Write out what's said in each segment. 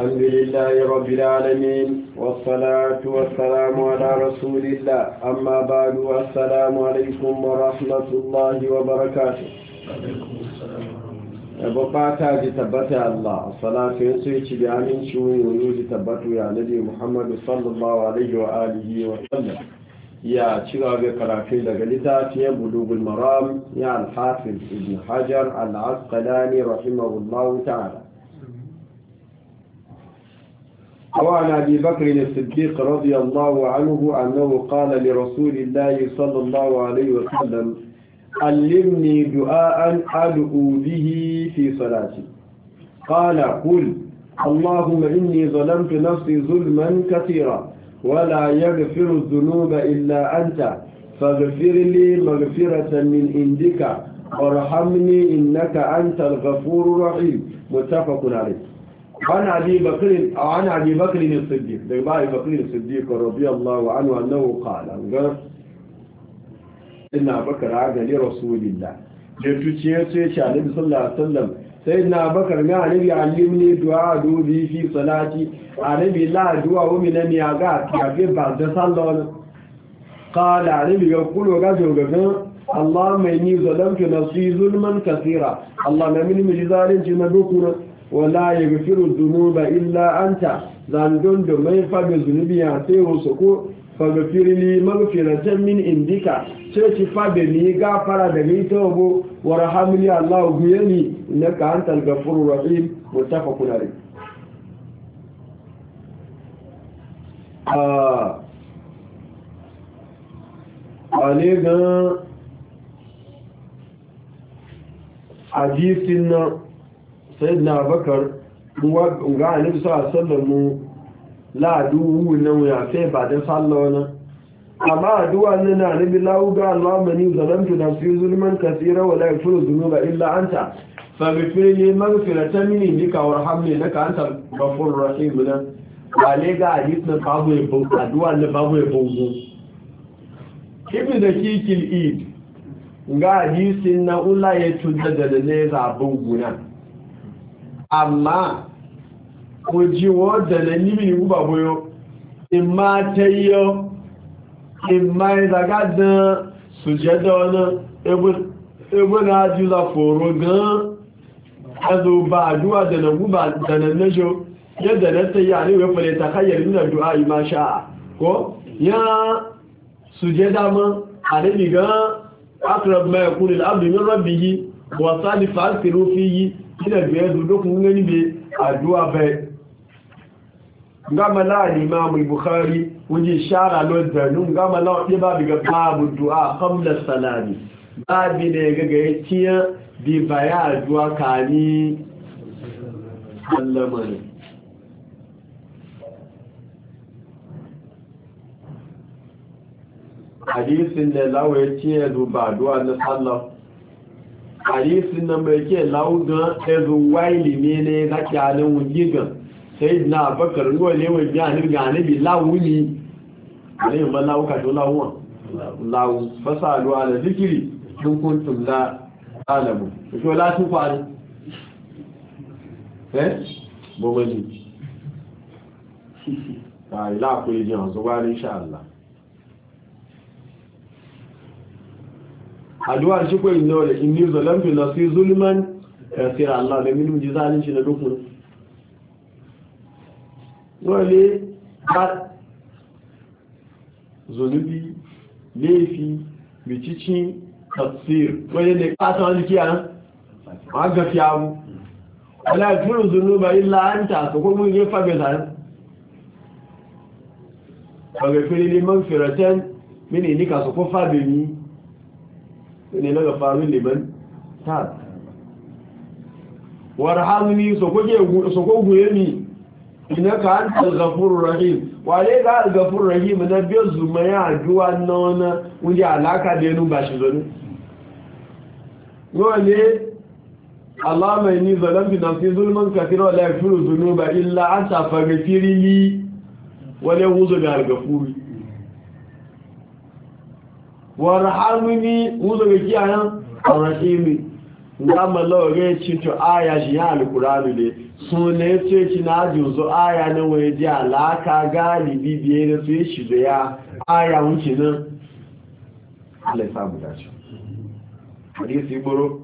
الحمد لله رب العالمين والصلاة والسلام على رسول الله أما بعد والسلام عليكم ورحمة الله وبركاته أبو باتا جتبت الله الصلاة ينسي جبانين شوين ويوز تبتو يا نبي محمد صلى الله عليه وآله وسلم يا شغاب كرافين لغلتا في بلوغ المرام يا الحافظ ابن حجر العسقلاني رحمه الله تعالى وعن أبي بكر الصديق رضي الله عنه أنه قال لرسول الله صلى الله عليه وسلم علمني دعاء أدعو به في صلاتي قال قل اللهم إني ظلمت نفسي ظلما كثيرا ولا يغفر الذنوب إلا أنت فاغفر لي مغفرة من عندك وارحمني إنك أنت الغفور الرحيم متفق عليه عن أبي بكر أو عن أبي بكر الصديق ده أبي بكر الصديق رضي الله عنه أنه قال إن بكر عاد لرسول الله جتوتيه شيء النبي صلى الله عليه وسلم سيدنا بكر قال النبي علمني دعاء دوبي في صلاتي النبي لا دعاء من أن يغاك يغيب بعد صلاة قال النبي يقول وقال اللهم إني ظلمت نفسي ظلما كثيرا اللهم من مجزال جنبكنا wala ya gafiru ba illa anta zandun da mai faga zunubi ya sai wasu ko fagafirili magafiratan min indika ce ci faga ni gafara daga ta wabo wa rahamuni allahu guyani na ka hantar gafuru rahim mutafa kunare a sayyidina bakar ga annabi sallallahu mu wasallam la'aduwu nan ya fe ba da sallawa amma aduwa ne na nabi lahu ga alwamani zalamtu nafsi zulman kaseera wa la yaghfiru dhunuba illa anta faghfir li maghfiratan minni lika warhamni laka anta ghafurur rahim na wale ga hadith na babu yabo aduwa ne babu ya yabo da dakikil id ga hadisin na ya tudda da ne zabun guna amma ko ji wadda na nimi guba goyo in ma ta yi yau in ma yi zagadin su je da wani ebe na jula foro gan azo ba aduwa da na guba da na najo yadda na ta yi a niwe fale ta kayyar nuna du'a yi ma sha ko ya su je dama a nabi gan akrab mai kunin abdu min yi wasa da fa'asiru fiye kila biyar duk mun gani be addu'a bai gama la imam bukhari wuje shara lo da nun gama la ɗi ba biga babu du'a qabla salami babu ne ga ga yaciya bi ba ya addu'a kani sallama ne hadisin da lawa yaciya zuba addu'a na sallah hadisin na mai ke laugan ezu waili ne ne na kyanin wujigan sai na bakar ruwa ne wa jihani gane bi lawuni ne yi malawu ka to lawuwan lawu fasalu ala zikiri sun kuntum la alamu to la tu fari eh bo maji ta ila ko yi jihani so wa insha Allah addu'a shi ko inna wala inni zalamtu nafsi zulman kathira Allah da min mujizalin shi da dukun wale ba zulubi lefi bicici tafsir wale ne kasa wani kiya ma gafiya mu wala turu zunuba illa anta ko kuma ne fa bai zan ba ga fili mini nika so ko fa ni ne na gafarin liman tab warhamni so koke so ko guye ni inaka antal ghafurur rahim wale ga al ghafurur rahim na biyo zuma ya addu'a nona wuje alaka da nu bashi zoni wale Allah mai ni zalam bi nafsi zulman kathira wa la yaghfiru dhunuba illa anta faghfirli wale wuzu ga al ghafuri warhamni uzo ga kiyanan arrahimi ngama lawage cinto aya shi ya alqur'ani ne sunne ce ci na juzo aya ne waye ji alaka galibi biye ne su shi da ya aya wuce nan Allah ya samu dace hadisi buru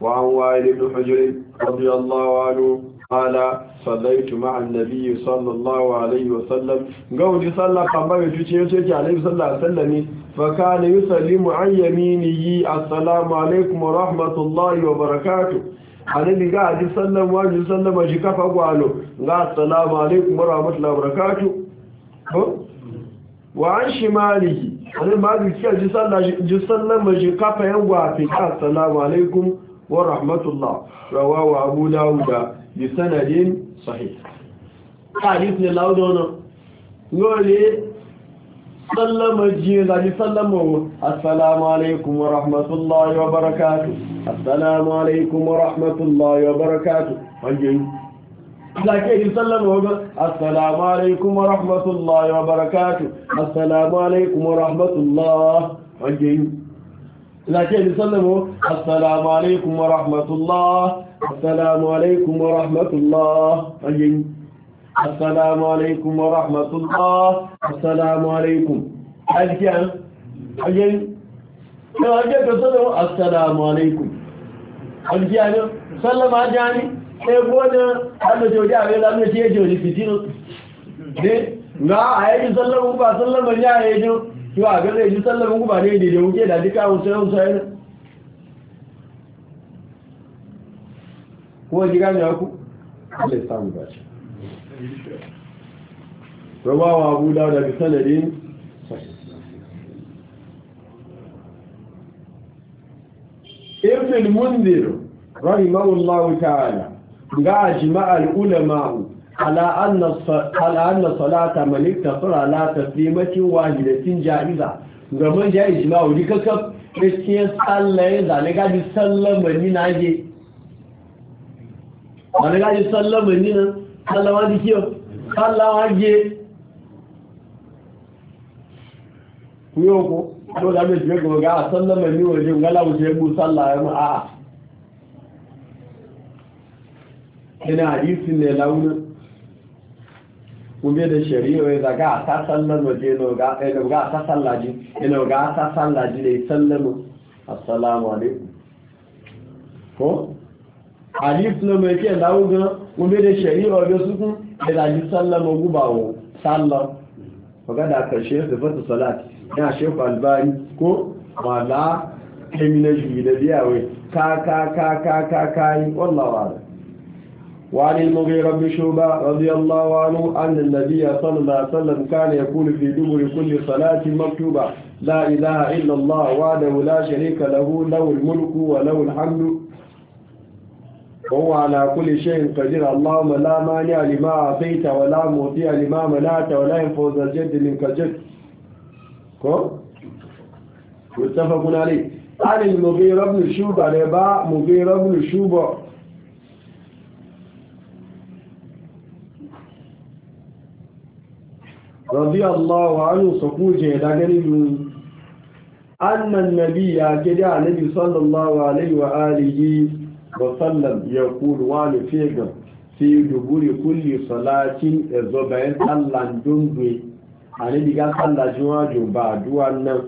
wa an wa ibn hujr radiyallahu anhu qala sallaitu ma'an nabiyyi sallallahu alaihi wa sallam sallah kamar tuce yace ki alaihi sallallahu fa kana yusallimu an yaminihi assalamu alaikum wa rahmatullahi wa barakatuh ga ji wa ji sallama shi kafa gwalo ga assalamu alaikum wa rahmatullahi wa barakatuh wa an shimalihi ma ji ji sallah ji sallama shi kafa yan gwafi assalamu alaikum wa rahmatullah rawahu abu bi sanadin صحيح حديث لاودونا نقولي سلم السلام عليكم ورحمة الله وبركاته السلام عليكم ورحمة الله وبركاته مجين لكن يسلم السلام عليكم ورحمة الله وبركاته السلام عليكم ورحمة الله مجين لكن يسلم السلام عليكم ورحمة الله السلام عليكم ورحمة الله أجن السلام عليكم ورحمة الله السلام عليكم أجن أجن أجن السلام عليكم أجن سلم أجاني ẹgbọ́nà alójò jẹ́ àwọn sai tí ẹjọ́ ní fìtínú ní na àyẹ́jú sallama gúbà sallama ní àyẹ́jú yóò àgbẹ́rẹ́ ìjú sallama gúbà ní ìdìdè oúnjẹ́ ìdàdíkà oúnjẹ́ oúnjẹ́ kuma ji gane ku Allah ya samu roba wa Abu Dawud da sanadin Ibn mundir munzir rahimahullahu ta'ala ga jima'al ulama ala anna ala anna salata man iktasara la taslimatin wahidatin ja'iza gaban man ja'i jima'u dikakaf gaskiya sallah zane gadi bi mani na naje wani gaji sallama ni nan sallama di kiyo sallama ge kuyo ko to da mai shiga gaba ga sallama ni waje ngala wuce bu sallama mu a ina hadisi ne launa kuma da shari'a ya zaga ta sallama waje, no ga eh ga ta sallaji ina ga ta sallaji ne sallama assalamu alaikum ko alif na mai ke dawo gan kuma da shari'a da su kun da dalil sallama sallar. sallam faga da karshe da fata salat ya shefu albari, ko wala kemina juyi da biyawe ka ka ka ka ka kulle وهو على كل شيء قدير اللهم لا مانع لما أعطيت ولا مطيع لما منعت ولا ينفوز الجد منك الجد متفق عليه قال المغير بن على ربا مغير بن الشوبة. رضي الله عنه سقوجه لغني أن النبي كده النبي صلى الله عليه وآله wasallam ya kuru wani fegan fi duburi kulli salatin ya zo bayan tsallan dungwe a ne diga tsallajin wajo ba aduwan nan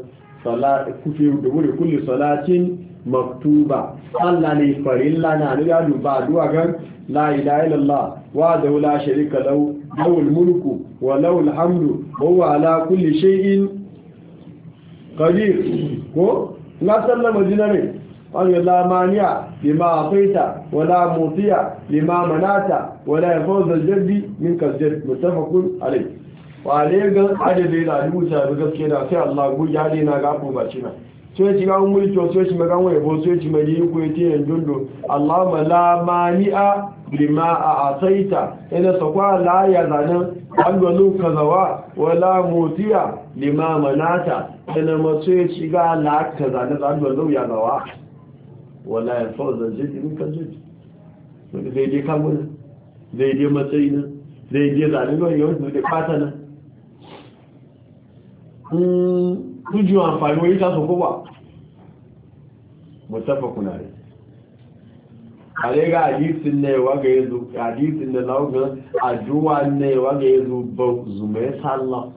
fi duburi kulli salatin maktuba tsalla ne farilla na ne ya duba aduwa gan la ilaha illallah wa da wula sharika lau lawul mulku wa lawul hamdu wa ala kulli shay'in qadir ko na sallama jinare قالوا لا مانع لما أعطيت ولا موطيع لما منعت ولا يفوز الجد منك الجد متفق عليه وعليه قال عدد إلى الموسى بقص كده سي الله قل علينا قابو باشنا سوية تقام ملك وسوية مقام ويبو سوية مليك ويتين الجند اللهم لا مانع لما أعطيت إن سقوى لا يزانا أنه كذوا ولا موطيع لما منعت إن ما سويتي قال لا كذا نزال ولو يزوا wala ya fa'u da zai ka kan zai wani zai je kan wani zai je matsayi nan zai je zane ne? yawon su da fata nan kun ji amfani wani ta soko ba mutafa kuna ne a dai ga hadisin na yawa ga yanzu hadisin da nau'in ajuwa na yawa ga yanzu ba zumai sallah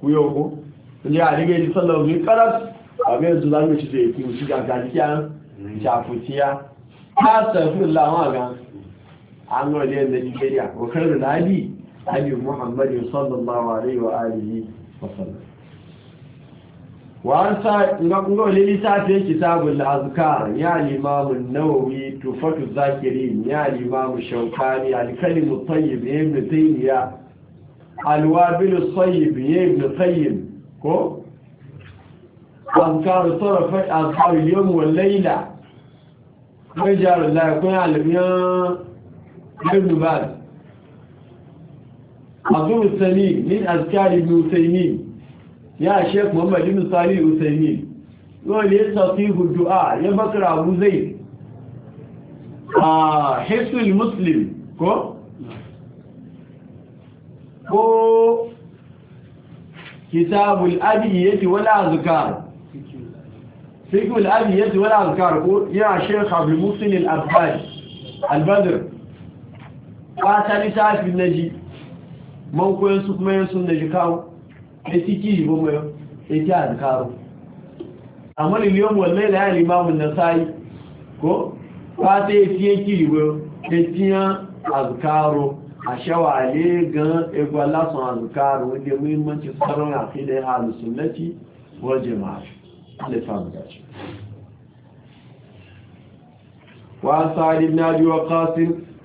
ku yau ko? Ndi a rige ji sallah zai karas àbí ẹ̀sùn lágbé ti tẹ̀ èkú sí gàgàdíkíá ìṣàfòtíyá káàsẹ̀ fún láwọn àga àwọn ilẹ̀ Nigeria òkèrè láàrí àbí Muhammad sallallahu alaihi wa alihi wasallam wọ́n fi ya limamu Nauyi, Tufar, zakirin ya limamu shaukani alkalimu tayyib alwabilu tayyib ibn ko wọn káàrù tọ́rọ fẹ́ àkàrù yóò mú lẹ́ìlà mẹ́jà rẹ̀ láìpẹ́ àlèmíyàn lẹ́nu báyìí àdúrù tẹ́lì ní àkàrù ní òtẹ́ni ní àṣẹ pọ̀mọ̀ nínú sáré òtẹ́ni wọ́n lè sọ sí hùjú à yẹ bọ́kàrà wúzẹ́ كتاب الأدية ولا ذكار فيكم الأبيض والأذكار يا شيخ عبد المحسن الأبهاري البدر قاتل ساعات في النجي موكو ينسوك ما ينسو النجي كاو اتكيه بما اتي أذكاره أمال اليوم والليلة يا الإمام النسائي كو قاتل اتكيه بما اتي أذكاره ashawa ale gan egwalasan azkaru wanda muhimmanci tsaron akidai halusunnaci wajen mafi على فهم وعن سعد بن أبي وقاص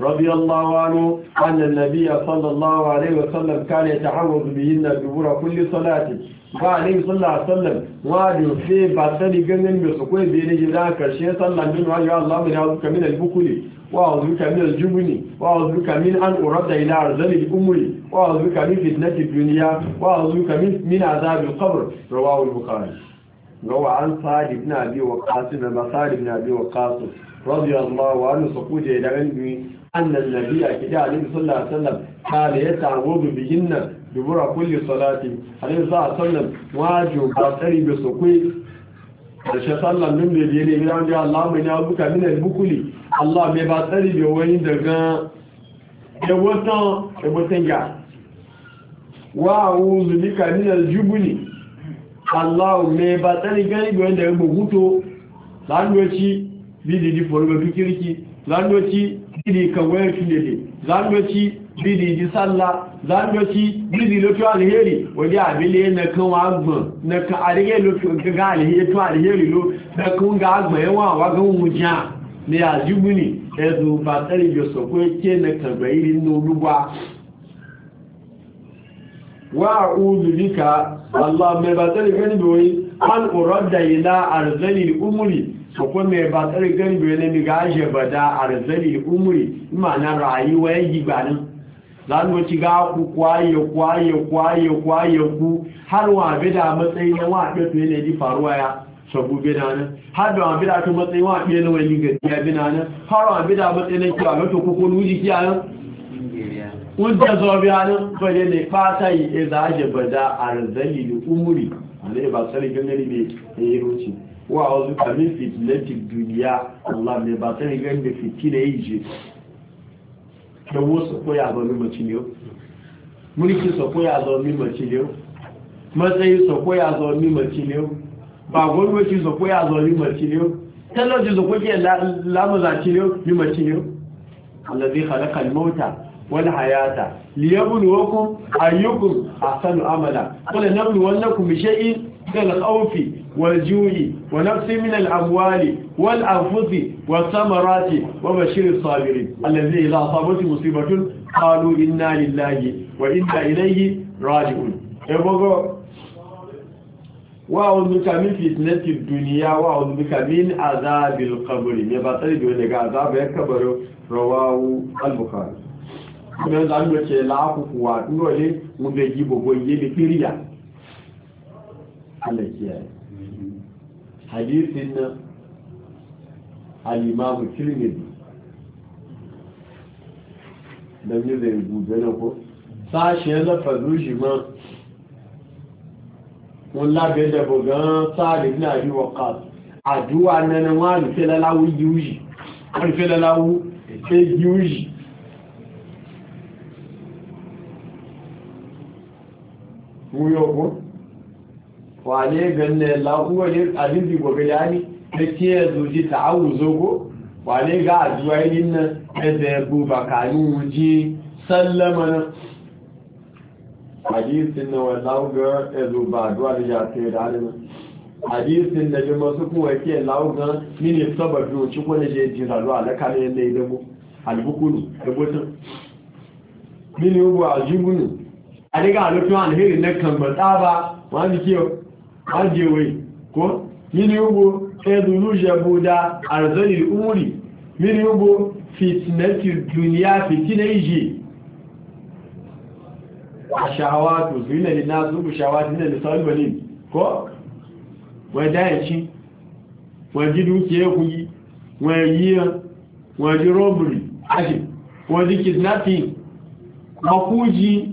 رضي الله عنه أن النبي صلى الله عليه وسلم كان يتعوذ بهن دبور كل صلاة وعليه صلى الله عليه وسلم وعد في بطل جنن بسكوي بين جلاك الشيء صلى الله عليه وسلم الله من أعوذك من البكل وأعوذك من الجبن وأعوذك من أن أرد إلى أرزل الأمر وأعوذك من فتنة الدنيا وأعوذك من عذاب القبر رواه البخاري روى عن صالح بن أبي وقاص ما صالح بن أبي وقاص رضي الله عنه سقوط إلى علمي أن النبي كده عليه صلى الله عليه وسلم قال يتعوض بهن دبر كل صلاة عليه صلى الله عليه وسلم واجب باطري بسقوي الشيخ صلى الله عليه وسلم يلي من عند الله من أبوك من البكلي الله ما باطري بوين دقا يوتن يوتن جا وأعوذ بك من الجبني Allah me ba tsari gani ga wanda ya guguto landoci bididi forgobi kirki landoci bidi kawai tunele landoci bidi ji sallah landoci bidi lotu alheri wadi abili na kan wa agbon na kan arige lotu ga alheri to alheri lo na kan ga agbon yawa wa ga wuja ne ajibuni ezu ba tsari jo so ko ke na kan bayiri no lugwa وأعوذ بك اللهم يبطل جنبوي أن أرد umri, أرزل الأمر me mẹ́rin bá tẹ́rẹ gẹ́rìbì rẹ̀ ní gáàṣẹ̀ bàdá àrẹ̀sẹ́lì umri ìmàna ràyíwá ẹgbìgbà ní ci ga kú kwaye kwaye kwaye kwaye ku har wa bida matsayi na wa ɗato yana ji faruwa ya sabu bida nan har da wa bida ta matsayi wa ɗaya na wani gajiya bida nan har wa bida matsayi na kiwa gato kuku nuji kiya nan wanda zo bayanin bare ne fata yi e za je bada arzali da umuri Allah e ba sarkin gari ne ya e yi roci wa azu kamin fitilati duniya Allah ne ba sarkin gari ne fitila yi je da wasu koya ba mu mace ne mulki sa koya zo mu mace ne matsayi sa koya zo mu mace ne ba gwamnati sa koya zo mu mace ne talauci sa koya lamu zaci ne mu mace ne Allah zai khalaqa al والحياة ليبلوكم أيكم أحسن ahsanu amala qul nabluwannakum bi shay'in والجوع ونفس من الأموال والأنفس والثمرات وبشر الصابرين الذين إذا أصابت مصيبة قالوا إنا لله وإنا إليه راجعون يبقى وأعوذ بك من فتنة الدنيا وأعوذ بك من عذاب القبر يبقى تريد أن عذاب القبر رواه البخاري mẹ́rin lánàá ṣe láàkùkù wà dúró lé mú bẹ yí gbogbo iye lè kéré yà alẹ́kí ẹ̀ hadithi tirmidhi da mi zai gube na ko sashen lafazu shi ma wọn lábẹ́ dẹ̀bọ̀ gan sáàrì ní àríwọ̀ kàtù àdúwà nẹni wọ́n àrífẹ́ lọ́láwú yíwú yìí àrífẹ́ lọ́láwú lawu yíwú e yìí wuyo ko wane ganne lafuwa ne abin bi gobe da ni da ke zuji ta awuzo ko wane ga ajuwa yin nan da ya bu bakani wuji sallama nan hadisin na wallahu ga ezu ba duwa da ya ce da halin hadisin da jima su kuwa ke lauga mini sababin ci kone je jiralu alaka ne yadda ya dabo albukunu da mutum mini ubu a jibunu a daga halittun alheri na kambata ba wani kiyo wajewe ko mini ugbo ezuru jabuda arzani umuri mini ugbo fitinati duniya fitina a shawatu su yi na zubu shawatu na misali benin ko wadda ya e ci wajen dukiya e kuyi wajen wajen robbery ashe wajen kidnapping makuji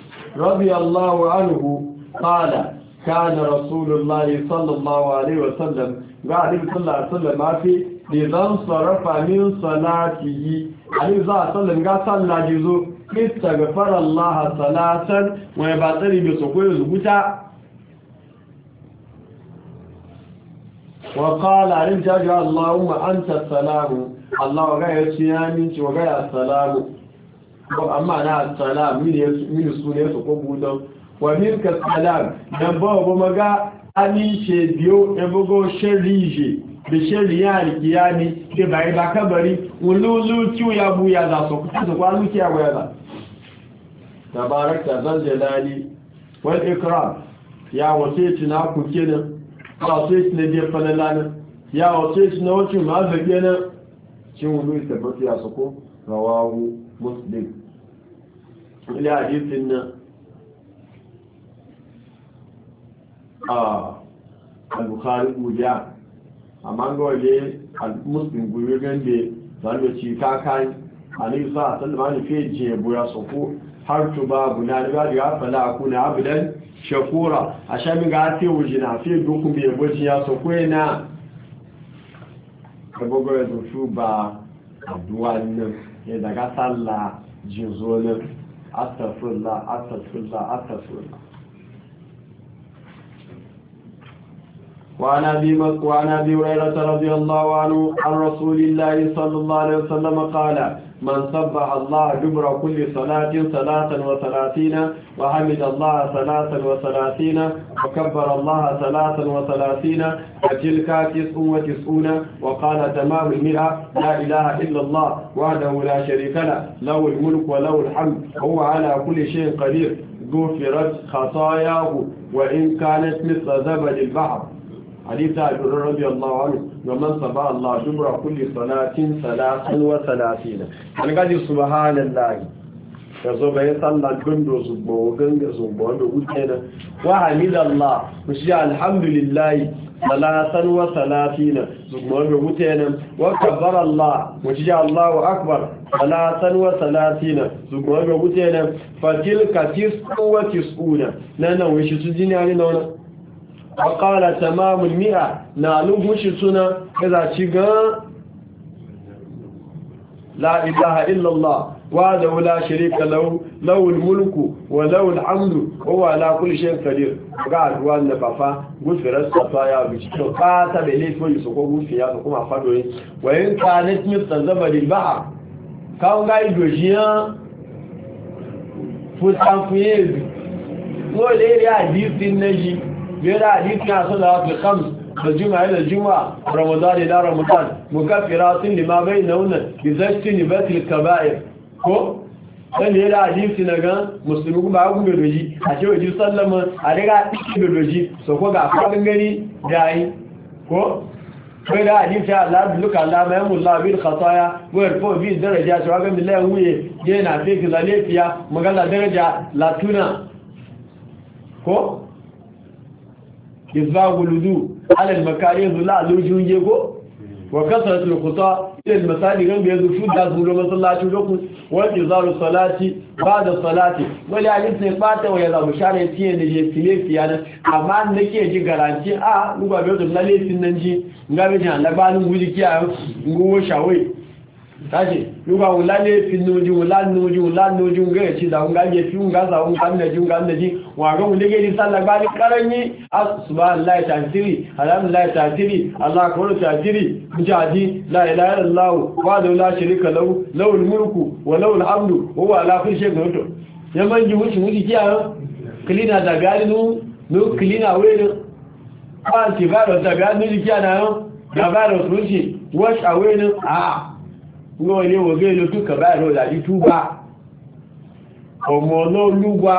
رضي الله عنه قال كان رسول الله صلى الله عليه وسلم قال صلى الله عليه وسلم في لذن صرف من صلاته عليه الصلاة والسلام قال صلى جزو استغفر الله صلاة ويباطل بسكوه زبوتا وقال عليه الصلاة اللهم أنت السلام الله وقال يا سيامي وقال السلام amma na salam mini sune su ko budon wa milka salam dan ba ba maga ani she biyo e bogo sherije bi sheriya kiyani ke bai ba kabari wululu ki ya bu ya za so ko so kwalu ki ya waya ba. tabarakta zal jalali wal ikram ya wace ci na ku kenan ba sai ci ne bi falalana ya wace ci na wace ma da kenan cin wulu ta ya so ko rawahu muslim ilé àdífin náà al-bukhari guda amma ga waje al-muslim guri gande zanu ci kakan ali sa sallama ne fe je buya soko har to babu na riga da fala kuna abdan shakura a shamin ga te wujina fe duku be boji ya soko yana kabogo ya zufu ba addu'a ne daga sallah jinzo ne الله الله الله وعن أبي وعن أبي هريرة رضي الله عنه عن رسول الله صلى الله عليه وسلم قال من صبح الله جبر كل صلاة صلاة وثلاثين وحمد الله ثلاثا وثلاثين وكبر الله ثلاثا وثلاثين وتلك تسع وتسعون وقال تمام المئة لا إله إلا الله وحده لا شريك له له الملك وله الحمد هو على كل شيء قدير غفرت خطاياه وإن كانت مثل زبد البحر حديث عبد رضي الله عنه ومن صبع الله شبر كل صلاة ثلاثا وثلاثين القادي سبحان الله yanzu bai sallar gundo zubo ganga zubo wanda wuce na wa hamidallah ku shi alhamdulillah salatan wa salatina zubo wanda wuce na wa kabbarallah ku shi allahu akbar salatan wa salatina zubo wanda wuce na fatilka tisku wa tisuna nan nan wai shi su jini ne na wannan faƙala tamamun mi'a na lugushi suna ya zaci gan la'ilaha illallah wa da wula shirika lawul mulku wa lawul amdu kowa na kulishin kadir ga aduwa da fafa gufirar safa ya wuce to fata da laifin su ko gufi ya kuma fadoyi wayin kanet mista zaba dilba'a kawon ga idojiyar fusanfuyezu wọ́n lè rí àdísí na ji. غير حديث ناس صلوات الخمس الجمعة إلى الجمعة رمضان إلى رمضان مكفرات لما بينهن إذا اجتنبت الكبائر ko dan ne da hadisi na ga musulmi kuma ba ku bedoji a ce waje sallama a daga ɗiki bedoji so ko ga fadin gani da yi ko kai da hadisi Allah bi luka Allah mai mulla bil khataya wa yarfu bi daraja shi wa ga billahi wuye yana fi magana daraja latuna ko ludu ala makari zula lujun yego wa kasratul khuta ila al masali gan bezu fudda zuwa masallaci lokun wa izaru salati ba'da salati wali alin fata wa yaza bushare tiye ne je tile fiyana amma nake ji garanti a lugwa bezu lalle lesin nan ji ngabe jan labalin guji kiya nguwo shawai tashi wula ne kaje wula ulale finuji ulanuji ulanuji ngechi da ungaje fi wunga za wunga ungamne ji wunga ungamne ji wa waga ba ni salla bali karanyi subhanallahi ta'tiri alhamdulillahi ta'tiri allah akbar ta'tiri mujaji la ilaha illallah wa la sharika lahu lahu almulku wa lahu alhamdu wa huwa ala kulli shay'in qadir yaman ji wuci wuci kiya kilina da gari nu nu klina wele ba da gari nu kiya na no da virus wuci wash away no ah wọ́n ilé wọ́n gé lójú kàbá ìrọ̀ ìlàjú túbá ọmọ ọlọ́ọ̀lúwa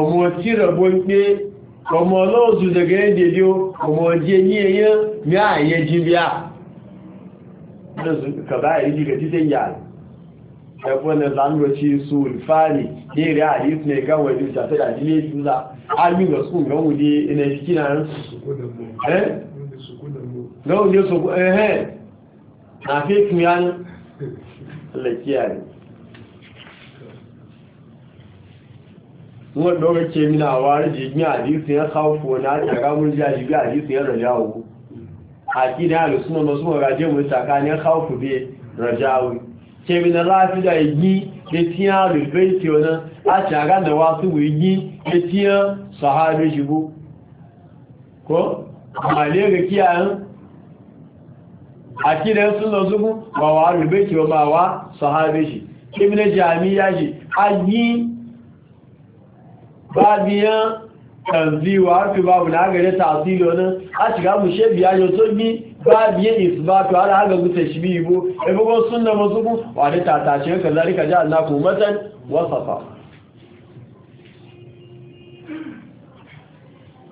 ọmọ tírọ̀bọ̀ ń pé ọmọ ọlọ́ọ̀sù zẹ̀gẹ̀rẹ́ dèdè ọmọ ọdí ní ẹyẹ ní ààyẹ jíbíà kàbá ìrìjì rẹ̀ títẹ̀ yà ẹ̀fọ́n ẹ̀lánúrọ̀ṣí sùúrù fáàlì ní ìrẹ́ àyíkùn ẹ̀gáwọ̀ ìlú ìjàfẹ́dà ilé ìjúlá alìmọ̀ sùn gánwò ní ẹnẹ̀ ìsìnkí náà rẹ̀ ẹ̀hẹ́ Allah kiyaye wọ́n lọ́rọ̀ kí náà wà ríjì ní àdíṣẹ́ ẹ̀kọ́ wọ́n láti àgámú rí àdíṣẹ́ àti ní ní náà ìgbí etí ọ̀nà akidar suna zugu ba wa rubaiki ba ma wa sahabe shi ibn jami'a shi an babiyan tanziwa fi babu na gare tasilo nan a shiga mu she biya yo to bi babiyan isbatu ala haga gutse shi bibo e bugo sunna mazugu wa da tatashe kazalika ji Allah ku matan wasafa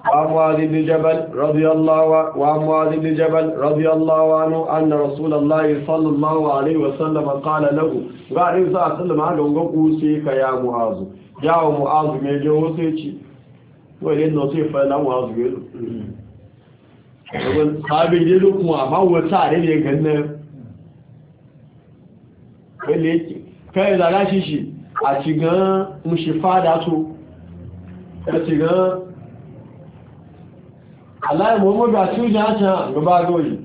عن معاذ بن جبل رضي الله وعن معاذ بن جبل رضي الله عنه أن رسول الله صلى الله عليه وسلم قال له قال إن سأسلم عنه وقوسيك يا معاذ جاء معاذ من جوسيك ولن نصيف لنا معاذ قال sabi ne duk mu amma wata ne ne gannan wanda yake kai da lashi shi a shiga mushi fada to a shiga aláì muhammadu àti oúnjẹ àtàn gbogbo yìí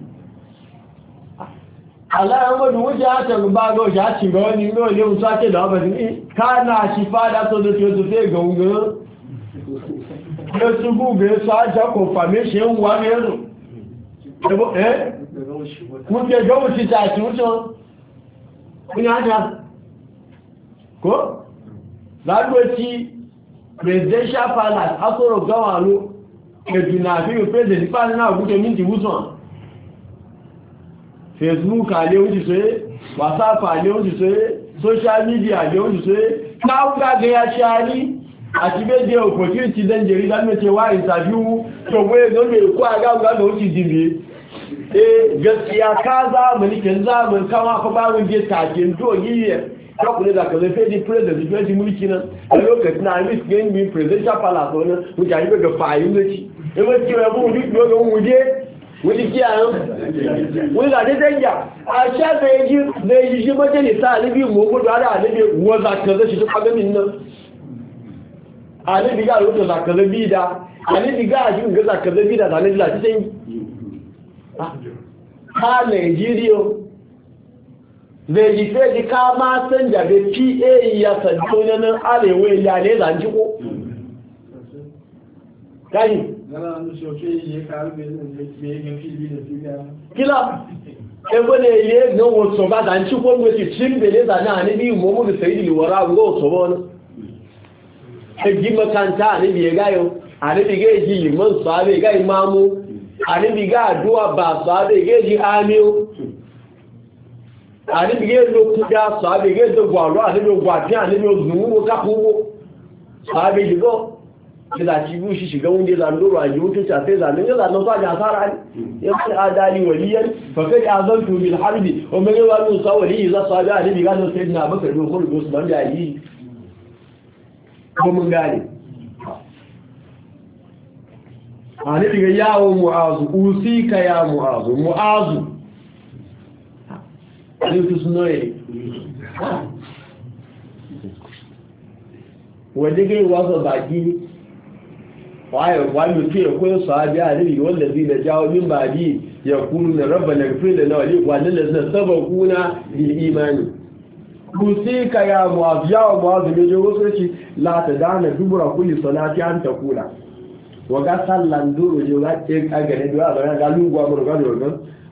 aláì muhammadu oúnjẹ àtàn gbogbo ọjà àti ìgbọ́ ní ilé olè oúnjẹ àti ìdá ọbẹ̀ ní káàna àti fádá tó ló ti ó tó fẹ́ gọ̀ọ̀gọ̀ ló túnbù me sọ àjọ kò Eh ń wà mẹ́rùn Oúnjẹ jọ́wọ́ ti ta àti ti Presidential Palace, Akọ́rọ̀ Gáwà ẹ̀dù náà fi rò pẹ́sẹ̀ nípa nínú àgúkẹ́ ní ìdíwúsàn facebook alẹ́ òjìṣẹ́ whatsapp alẹ́ òjìṣẹ́ social media alẹ́ òjìṣẹ́ káwùgbàgbé aṣáárí àti méje òpòtí ti lámẹ́tẹ̀ wá ìtàbíwú tó wé lórí èkó gaskiya ka zamani kin zamani kama kaza di president di mulki nan e, a lokacin na miss gain me presidential palace wannan mutane da ìwọ́n ti rẹ̀ fún ìdíjú ọjọ́ òwúdé wíjì àrùn wíjì àdédẹ́jà àṣẹ́fẹ́ èjì méjì ṣe mọ́jẹ́ sáà níbi ìmòógbòdó ara àdébí wọ́za kẹrẹ ṣe tó pàgẹ́mì náà àdébí gáà lóòtò sàkẹrẹ bí ìdá àdébí gáà ṣe nǹkan káyì. kílá ebe na eye na nwụ sọba na nchịkwa nwetị chi mbeleza na anị n'ihi ma ọmụrụ sọ iri wara agwọ ọsọba ọnụ eji makanta anị bi ịgaghị anị bi ga-eji liman sọ abụ ịgaghị mamụ anị bi ga-adụwa ba sọ abụ ịga-eji amị anị bi ga-eji okwu ga sọ abụ ịga-eji gwalụ anị bi gwapịa anị bi ozugbo ugbo kapụ ugbo sọ abụ kila ci bu shi shiga wunde zando ba ji mutunci a sai zanen ya zanen sa da asara ne ya fi adali waliyan fa kai azantu bil harbi wa man yawa min sawali za sa da ali ga da sayyidina bakar bin khulud su dan da yi ko mun gane ani diga yawo mu'azu usika ya mu'azu mu'azu ne su sunoye wajen gaiwa sa baki wani fi ya kuwa sahabi a niri wanda zai da jawo min ba bi ya kunu na rabba na fi da na wali wani da zai saba kuna bil imani kusika ya muwazu ya muwazu ne je wasu ci la ta dana dubura kulli salati an ta kula wa ga sallan duro je ga ce a gare da ba ga lugwa mu ga do ga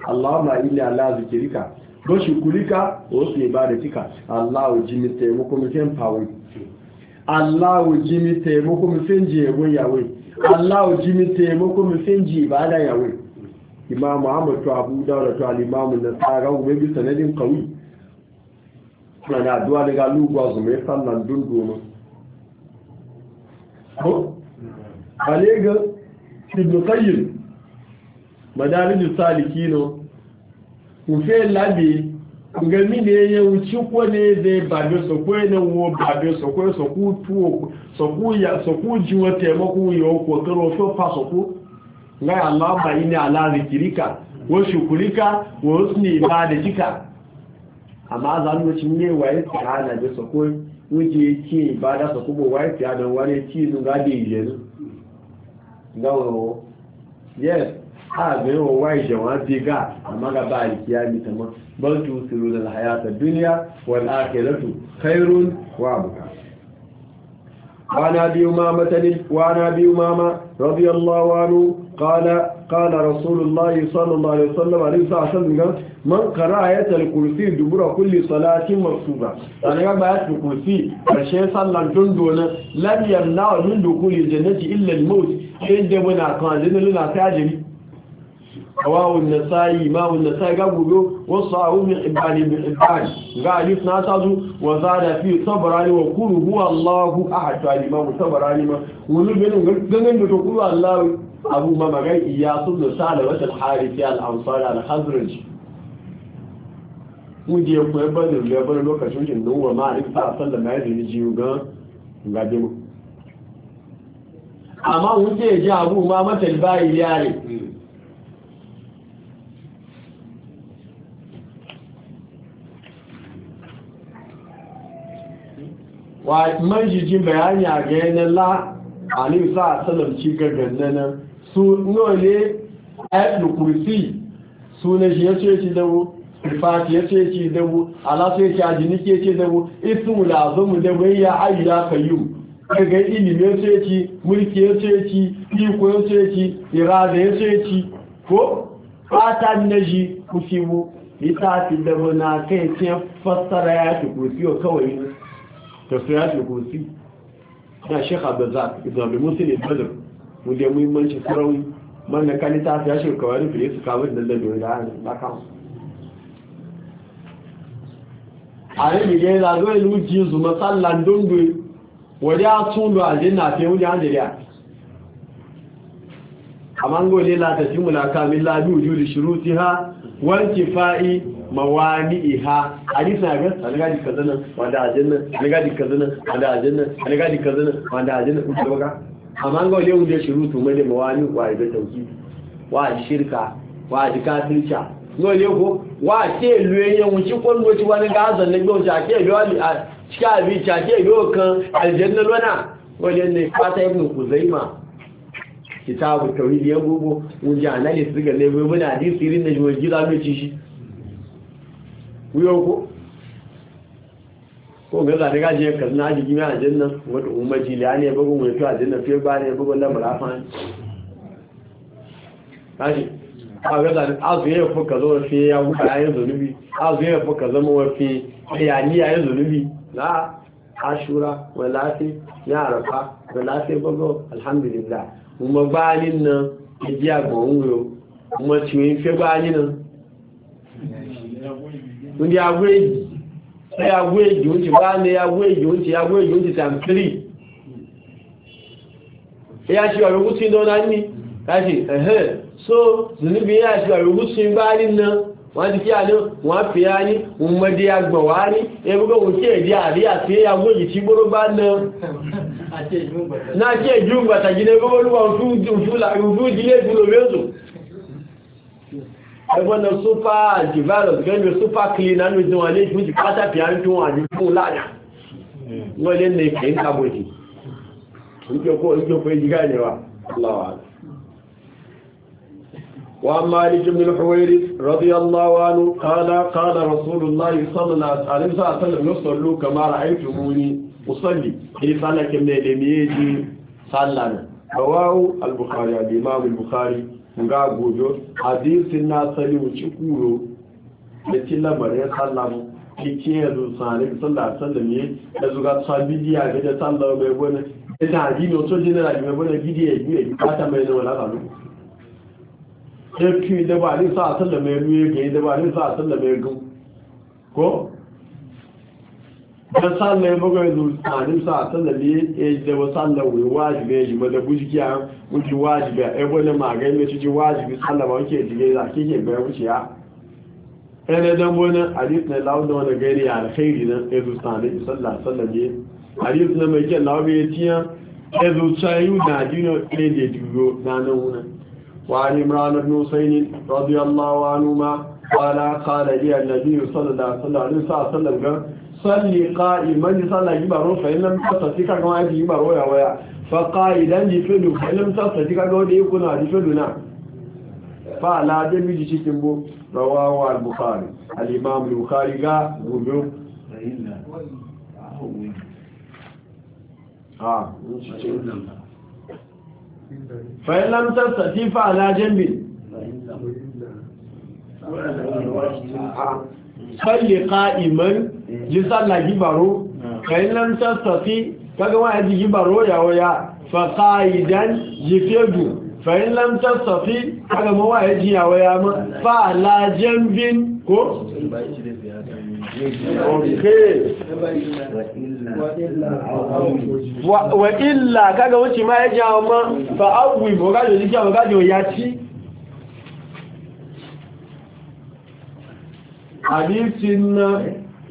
Allahumma inna ala zikrika shi kulika o su ibadatika Allahu jimi taimako mu fen pawo Allahu jimi taimako mu fen je goyawe Allah ji mi taimako mi ji ba da yawo Imam Ahmad to Abu Dawud to al-Imam an-Nasara bi sanadin qawi kana da addu'a daga lugwa su mai sallan dunduno ko alega Ibn Qayyim madarij salikino ku fe labi ngemi na-enye uchikwo na eze babe sokwe na-enwe babe sokwe sokwu tu sokwu ya sokwu ji nweta emekwu ya okwo kere ofe ọpa sokwu nga ya ala ma ine ala rikirika wo shukurika wo sni ba da jika amma za mu ci ne waye tsara na da sokwe wuje ci ibada sokwu bo waye tsara da wani ci nu ga de yenu ga wo yes a ga yawa wai jawabi ga amma ga ba alkiyami tamam bal tusiruna alhayata dunya wal akhiratu khairun wa أمامة وعن أبي أمامة رضي الله عنه قال قال رسول الله صلى الله عليه وسلم عليه الصلاة والسلام من قرأ آية الكرسي دبر كل صلاة مكتوبة أنا ما آية الكرسي فشيء صلى جندونا لم يمنع من دخول الجنة إلا الموت عندما كان لنا تاجري awawo nasa'i imamu nasa'i ga gudu wasu ahunmi ibali mai ibali ga alif na sazu wa wa kuru hu allahu a hajji alimamu tabara ne ma wani benin ganin da ta kuru allahu abu ma magai iya sun nasa da wata harifi al'amfara na hazirin shi mu je kuwa bane mai bane lokacin jin nuwa a rikta a sallar mai da ya jiyo ga gadi mu amma wuce ya ji abu ma matalibayi yare wa manjijin bayani a ga yanar la alim sa a salamci gaggan nan su nole ayatul su ne shi ya ce shi dawo rifati ya ce shi dawo alasu ya ce ajiniki ya ce dawo ismu lazumu da bai ya ayi ya kayu daga ilimin ya ce ci mulki ya ce ci iko ya ce ci irada ya ce ci ko fata na shi kusibu ita fi dawo na kai ce fassara ya ce kursiyo kawai tafsirat al-kursi da Sheikh Abdulrazak Ibn Abi Musa al-Badr mun da muhimmanci sarawi man da kalita ta shi kawai da su kawo da da da da ka are mi ga da zo lu ji su masallan dundu waje a tun da aljanna fe wuni an da ya amma ngole la ta jimula kamilla bi wujudi shurutiha wal kifai mawani'iha hadisi na gan an gadi kazana, wanda a an gadi kazana, wanda a an gadi kazana, wanda a nan kuma baka amma ga wale mun shurutu mai da mawani wa da tauki wa shirka wa kafirca lóòlé kó wà àti èlò èyàn òun tí kó ń gbóti wá ní gáàzàn lẹ́gbẹ́ òun àti èlò àbí àti èlò kan àìjẹ́nà lọ́nà lóòlé ní pátá ibùn kò zẹ́ìmà ìta àbùtọ̀ kuyoko ko ga zane gaje ka na jigi mai ajin nan wata umarci da ne bugun mai fi ajin fiye ba ne bugun lamar afan kashi a ga zane azu ya fi ka zama fiye ya wuta yayin zunubi azu ya fi zama wafi bayani yayin zunubi na ashura wa lafi ya arafa da lafi bugun alhamdulillah kuma bayanin nan ya ji agbon wuyo kuma ciwon fiye bayanin nan wọ́n yà wé èyí wọ́n yà wé èyí oúnjẹ bá ní yà wé èyí oúnjẹ yà wé èyí oúnjẹ tàn tírì yà ṣe ọ̀rọ̀ wúsí lọ́nà ní láti ẹ̀hẹ́ so zùnúbi yà ṣe ọ̀rọ̀ wúsí bá rí na wọ́n ti kí a ní wọ́n fi á ní ọmọdé agbọ̀n wá rí ẹgbẹ́ òun tí èdè àrí àti ìyàwó èyí tí gbóró bá na náà tí èjú gbàtàjì ní ẹgbẹ́ olúwa òfin ìdílé ìfúnlò mẹ́sùn ẹgbọ́nà súpà jìválọ̀ gẹ́gbẹ̀ súpà cleaner ní ìdíwọ̀n lè fún jù pátàkì àríkún àjúkún láàrín wọ́n lè الحويرث رضي الله عنه قال قال رسول الله صلى الله عليه وسلم يصلوا كما رأيتموني أصلي الميدي صلى الله عليه وسلم رواه البخاري الإمام البخاري ga gobe hadisin na sani wuce kuro da ci lamarin sallamu kike yanzu sanin sallah sallam ne da zuga sabidiya ga da sallah mai gona ita hadini wato jinara mai gona gidiya biyu ya kata mai na wala kalu Ya ki da ba ni sa sallah mai ruye ga yi ba ni sa sallah mai gun ko da sallah ba ga yanzu tsarin sa sallah ya yi da ba sallah wai wajibi ya jima da bujiki a wuce wajibi a wani magani da cikin wajibi sallah ba wake jige za ke ke bayan wuce ya ɗaya dan wani hadis na lawo da wani gari a alkhairi na yanzu tsarin sallah sallah ne hadis na mai kyan lawo bai tiya yanzu tsayu na dino ne da juyo na nan wuna وعن عمران بن حسين رضي الله عنهما قال قال لي النبي صلى الله عليه وسلم salli qa'iman sallah yi baro fa illam tasati ka ga yi baro ya waya fa qa'idan yi fidu fa illam tasati ka ga wanda yake na di fidu na fa la da ji cikin bo rawahu al-bukhari al-imam al-bukhari ga gudu ah fa illam tasati fa la jambi salli qa'iman ji sallah gibaro kayan nan sassafi kaga wani ji gibaro ya waya fa qa'idan ji fedu fayin lam tassafi kaga ma waya ji ya waya ma fa la jambin ko wa illa kaga wuce ma ya jawo ma fa agwi bo gajo ji jawo gajo ya ci hadisin na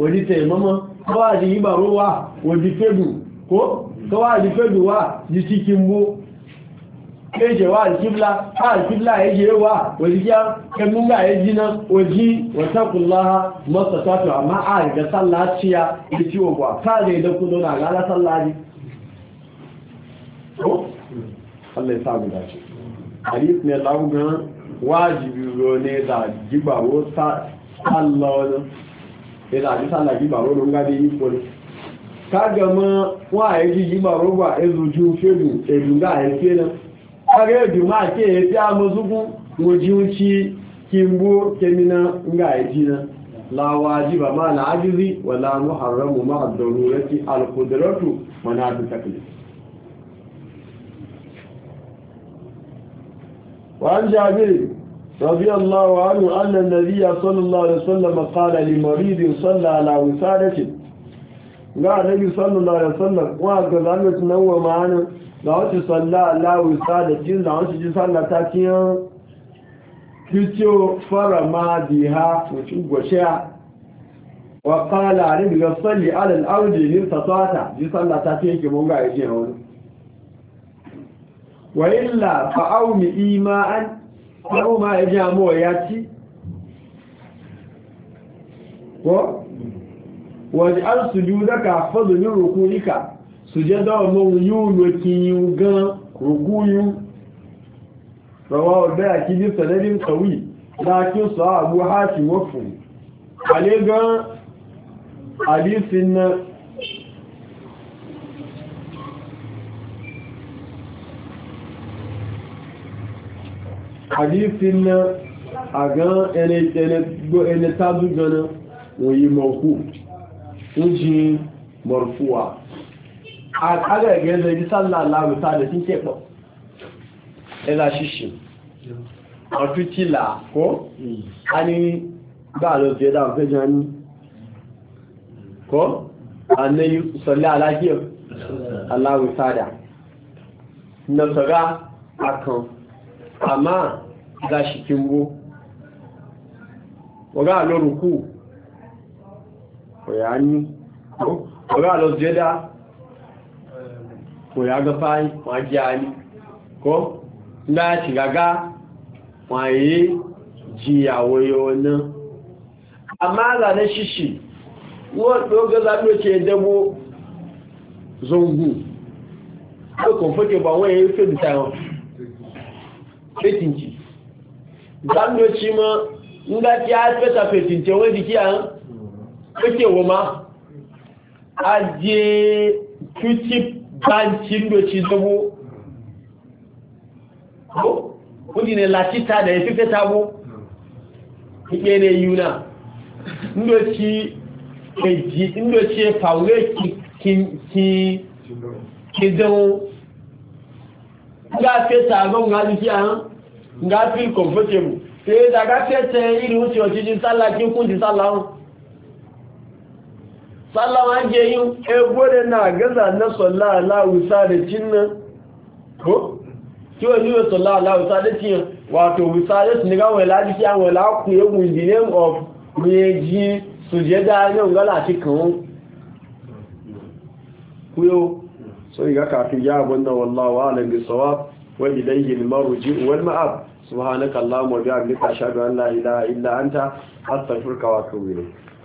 wòdí tẹ̀mọ́mọ́ kọ́wàdí ìbàró wà wòdí fẹ́dù kó kọ́wàdí fẹ́dù wà jí sí kí mú kéèjẹ̀ wà àríkíblá àríkíblá ẹjẹ́ wà wòdí kí á kẹmúgbà ẹjíná ojí wọ̀tẹ́kùnlá mọ́sàtọ́tọ̀ àmá àrígà sálà tí a ìtí ògbà káàrẹ̀ ìdọ́kúndọ́ náà gálá sálà rí Allah ya sa mu dace. Hadith ne lagun wajibi ne da jibawo sa ìlà àjísà nàìjíríà ló ń gádé yí pọ̀lú kágẹmọ́ wọ́n àìjí yíba rọ́gbà ẹzùjú fèdù ẹ̀dùngá ẹ̀fẹ́ náà kágẹ́ èyí a mọ́ súnkún mojí ń ga kí náà láwá máa na ájírí wà láàmú haramu máa dọ̀rù rẹ̀ sí alùpùdẹ̀rọ̀tù wọ́n رضي الله عنه أن النبي صلى الله عليه وسلم قال لمريض صلى على وسادته قال النبي صلى الله عليه وسلم وقال أنه تنوى معنا لأنه صلى على وسادته لو تصلى تاكيا كتو فرما بها وشوشع وقال عليه صلي على الأرض إن تطاعت جصلى تاكيا كمونغا يجيهون وإلا فأومئي ماءً ọmọ ma ẹjẹ́ àmọ́ ọ̀yá tí wọ́n ti án sùjú dáka fọ́dù ní rùkú níkà sùjẹ́dá ọmọ yíò lò kí yíò gan rùkú yíò rọwọ́ ọ̀bẹ́ àti bí sẹ̀lẹ́dín kàwí láti sọ àbú háàtì wọ́fù alẹ́gán hadisin na a gan ẹni tábí gana wòye mọ̀kú ń jí mọ̀rùfúwa agagẹ̀gẹ́ ẹgbẹ́ sálà láàrùta da tí kẹ́pọ̀ ẹlà ṣíṣì ọ̀tútìlà kọ́ a ní bá lọ fi ẹ̀dà ọ̀fẹ́ jẹ́ ní kọ́ annayi sọlẹ̀ aláhíọ̀ aláwùta da na sọ́gá gashi kimbo ọ̀gá lọ rùkú ọ̀yá ní ọ̀gá lọ jẹ́dá ọ̀yá gafá wọ́n jẹ́ ní kọ́ láti gaga wọ́n yí jíyàwó yóò náà amma zane wọ́n tó gaza ló ce zandoci ma nga ti a fesa fesince wọ́n di kí a ń pèsè ma a jẹ́ kúti báńkì ndoci zọ́wọ́ ó ne da ya fi fesa wọ́ ike ne yuna ndoci eji ndoci ki ki nga fesa zọ́wọ́ nga feel comfortable sai daga fẹ́ẹ̀tẹ̀ ìrìn oúnjẹ òjìjì sálà kí kún ti sálà hún sálà wọ́n jẹ yí ẹgbẹ́rẹ̀ náà gẹ́zà náà sọ̀lá aláwùsá rẹ̀ tí ń náà tí ó níwẹ̀ sọ̀lá aláwùsá rẹ̀ tí wàtò wùsá rẹ̀ tí nígbà wọ̀lá jí àwọn ìlàkùn ewu in the name of méjì sùjẹ́dá ní ọ̀gọ́lá àti kàn kúyó so ya kàfin yá àbọ̀ndà wọ́lá wà lẹ́gbẹ̀sọ́wọ́ وإليه المرجع والمآب سبحانك اللهم وبحمدك أشهد أن لا إله إلا أنت أستغفرك وأتوب إليك